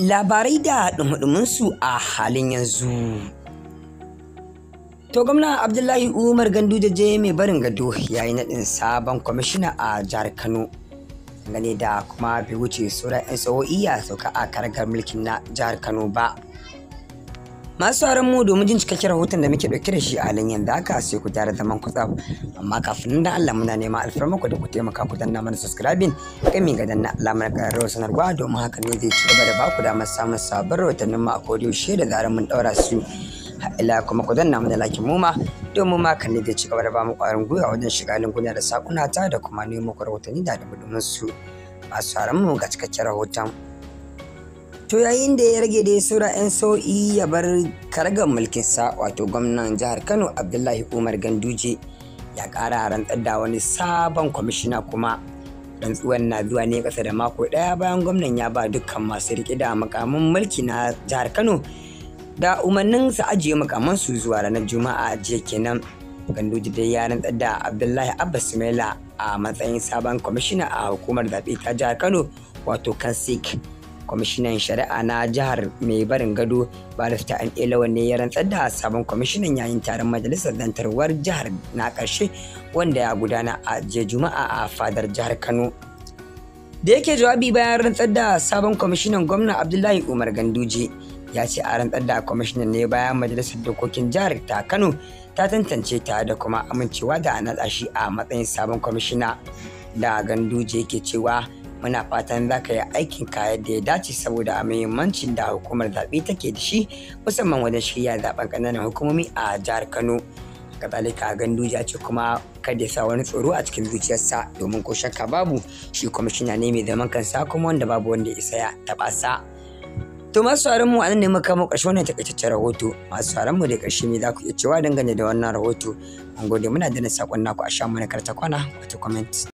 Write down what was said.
labarai da su a halin yanzu. To gwamna Abdullahi Umar da je mai barin gado ya yi naɗin sabon kwamishina a jihar Kano. Dangane da kuma bai wuce sauran 'yan tsawo'i ya sauka a karagar mulkin na jihar Kano ba. masu sauran mu domin jin cikakken rahoton da muke ɗauke da shi a halin yanzu haka sai ku tare zaman kutsaf amma kafin nan Allah muna nema ku da ku taimaka ku danna mana subscribing kami ga danna alamar ƙararrawar sanarwa domin haka ne zai ci gaba da baku damar samun sabon rahotannin mu a kodiyo shi da zarar mun ɗaura su ila kuma ku danna mana lakin mu ma domin ma kan ne zai ci gaba da ba mu ƙwarin gwiwa wajen shiga gudanar da sakuna ta da kuma nemo ku rahotanni da domin su masu sauran mu ga cikakken rahoton. to yayin da ya rage dai sura 'yan sau'i e ya bar karagar mulkinsa wato gwamnan jihar kano abdullahi umar ganduje ya kara rantsar da wani sabon kwamishina kuma rantsuwar na zuwa ne kasa da mako daya bayan gwamnan ya ba dukkan masu riƙe da makamin mulki na jihar kano da umarnin su ajiye makaman su zuwa ranar juma'a jiya kenan ganduje dai ya rantsar da abdullahi abbas sumaila a matsayin sabon kwamishina a hukumar zaɓe ta jihar kano wato kansik kwamishinan shari'a na jihar mai barin gado barista an lawan ne ya rantsar da sabon kwamishinan yayin taron majalisar dantarwar jihar na ƙarshe wanda ya gudana a jiya juma'a a fadar jihar kano da yake jawabi bayan rantsar da sabon kwamishinan gwamna abdullahi umar ganduje ya ce a rantsar da kwamishinan ne bayan majalisar dokokin jihar ta kano ta tantance ta da kuma amincewa da natsa shi a matsayin sabon kwamishina da ganduje ke cewa muna fatan za ka yi aikin ka yadda ya dace saboda a muhimmancin da hukumar zaɓe take da shi musamman wajen shirya zaɓen ƙananan hukumomi a jihar kano kazalika ganduji ya ce kuma kada ya sa wani tsoro a cikin zuciyarsa domin ko shakka babu shi kwamishina ne mai zaman kansa kuma wanda babu wanda isa ya taɓa sa. To masu sauran mu anan ne muka mu ƙarshe wannan takaitaccen rahoto. Masu sauran mu da ƙarshe me za ku iya cewa dangane da wannan rahoto. An gode muna da na sakon naku a sha mana karta kwana wato comment.